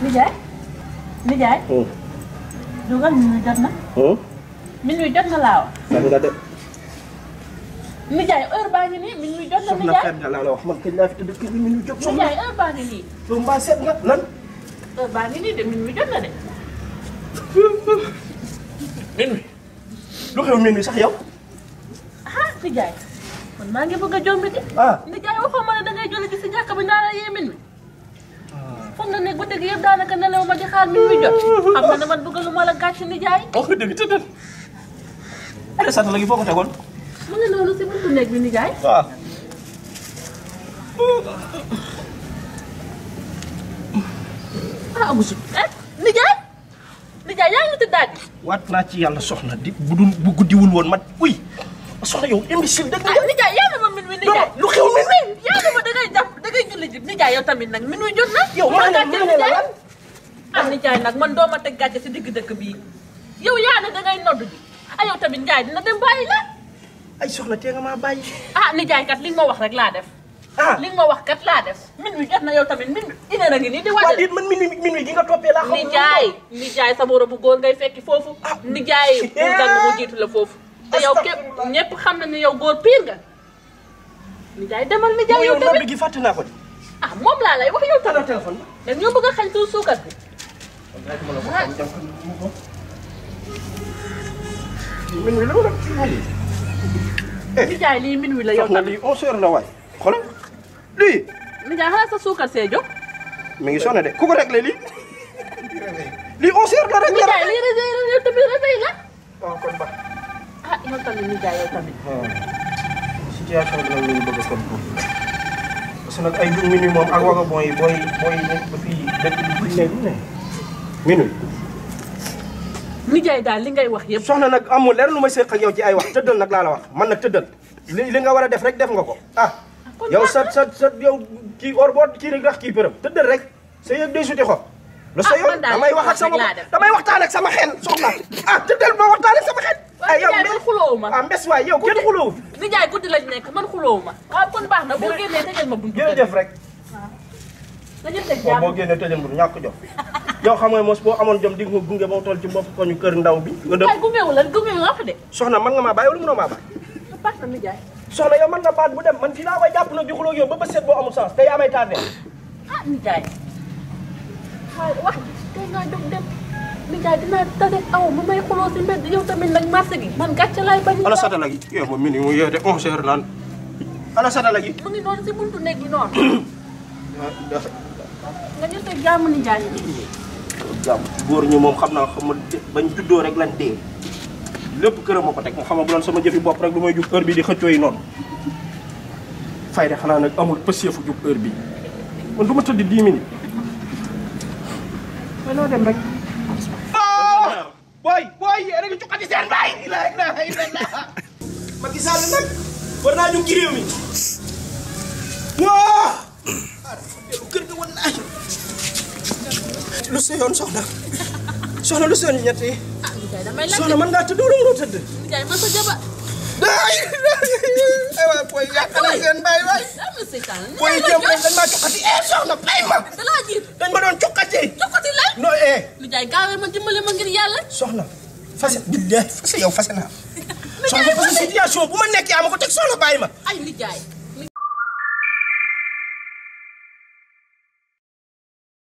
Ndiaye. Ndiaye. Hm. dugal minuit jot na. Hm? minuit jot na laaw. ni nga de. baa ngi nii minuit jot na. Ndiaye soxna Femme la wax man kañ laa fi tëdd kii bi minuit jot. soxna Ndiaye heure baa ngi nii. soo mbaa nga lan. heure baa ngi nii de minuit jot na de. minuit. lu xew minuit sax yow. ah Ndiaye. kon maa ngi bëgg a jombati. ah dëgg yëpp daanaka nelaw ma di xaar mi muy jot xam nga ne man bëgg lu ma la gàcc ni jaay. wax oh, nga dëgg tëddal. allé sant la gi foo ko tegoon. mu ngi noonu si buntu néeg bi ni jaay. waaw. ah Amoussou. Eh, ni jaay. ni jaay yaa ngi tëddaat. waat naa ci yàlla soxna di bu dul bu guddiwul woon man uy soxna yow imbécile dëgg nga. ah ni jaay yàlla ma min mi ni jaay lu xew min min. nijaay yow tamit nag minuy jot na. yow maa ngi leen ah, nag man doo ma teg gàcce si digg dëkk bii yow yaa ne dangay nodd ji ay ah, yow tamit njaay dina dem bàyyi la. ay soxla tee nga maa bàyyi. ah nijaay kat li ma wax rek laa def. ah li nga ma wax kat laa def. wi jot na yow tamit minuy indi na ngi nii di. wàññi man minuy minuy gi nga toppee laa. xam nijaay nijaay sa moroom bu góor ngay fekki foofu. ah nijaay bu dang mu jiitu la foofu. te yow képp xam na ni yow góor pire nga. nijaay demal nijaay yow tamit gi fàtte naa ko ah moom laa lay wax yow tara téléphone dag ñoo bëgg a xañ suukar bi min la wala nijaay lii min wi la yow na lii onze heures la suukar see jóg mi ngi sonné de ku ko réglé lii lii onze heures la rek nijaay lii réveil yow tamit réveil la waaw kon ba ah yow so nag ay moom ak waga booy booy booy nekk daal li ngay wax yëpp soxna nag amul leer lu may séq ak yow ci ay wax tëddal nag laa la wax man nag tëddal li li nga war a def rek def nga ko ah yow sa sa sa yow kii or rek rax përëm tëddal rek sa yëg day suti xob lu sa ah, yow wax ak sama damay waxtaan ak sama xel soxna ah tëddal ma waxtaan sama xel man xulóowu ma. ah mbes waay yow kenn xulóowu fi. li guddi lañ nekk man xulóowu ma. waaw ah, kon baax na boo génnee tëjal ma buntu. jërëjëf rek. Ah. waaw dañu teg jàmm boo génnee tëjal ma yow xam nga mos boo amoon jom di nga gunge ba mu toll ci mbokk koñu kër ndaw bi. nga def la gungewu wax soxna man nga maa bàyyi wala mënoo maa bàyyi. Ah, baax na nijaay. soxna yow man nga baat bu dem man fii laa koy jàpp nag di xulóog yow ba ba seet boo amul sens tey amay tardé. ah nijaay. wax tey nga jóg dem nijaay dinaa tane aw mu may xuloo si mbedd yow tamit nag marché gi man gàcce laay bañ ala satala gi yow moom mi ni mu yeete onze heures naan ala satala gi mu ngi noonu si buntu nekk gi noonu nga ñu moom xam naa xam ma bañ rek lan dee lépp këram ma ko teg nga xam bu doon sama jëfi bopp rek lu may jug heure bi di xëccoo yi noonu fayda xanaa nag amul pësier fu jub heure bi man du tëdd dix minutes. mais noo dem rek. booy booy yéen a ngi cuqati seen baay. Macky Sall nag war naa jóg ci réew mi. waaw. ah dafa kër ga woon naa lu si yoon soxna soxna lu si yoon ñett yi. ah Ndiaye damay laajte soxna mën ngaa tëdd wala mënoo tëdd. Ndiaye ma ko jaba. ay aywa booy yàq na seen baay waay. booy jëm dañ maa cuqati eh soxna bay ma. Njaay gaawee ma dimbale ma ngir yàlla. soxna fas billahi fas yow fas naa. soxna fas situation bu ma nekk yaa ma ko teg soxna bàyyi ma. ay Njaay.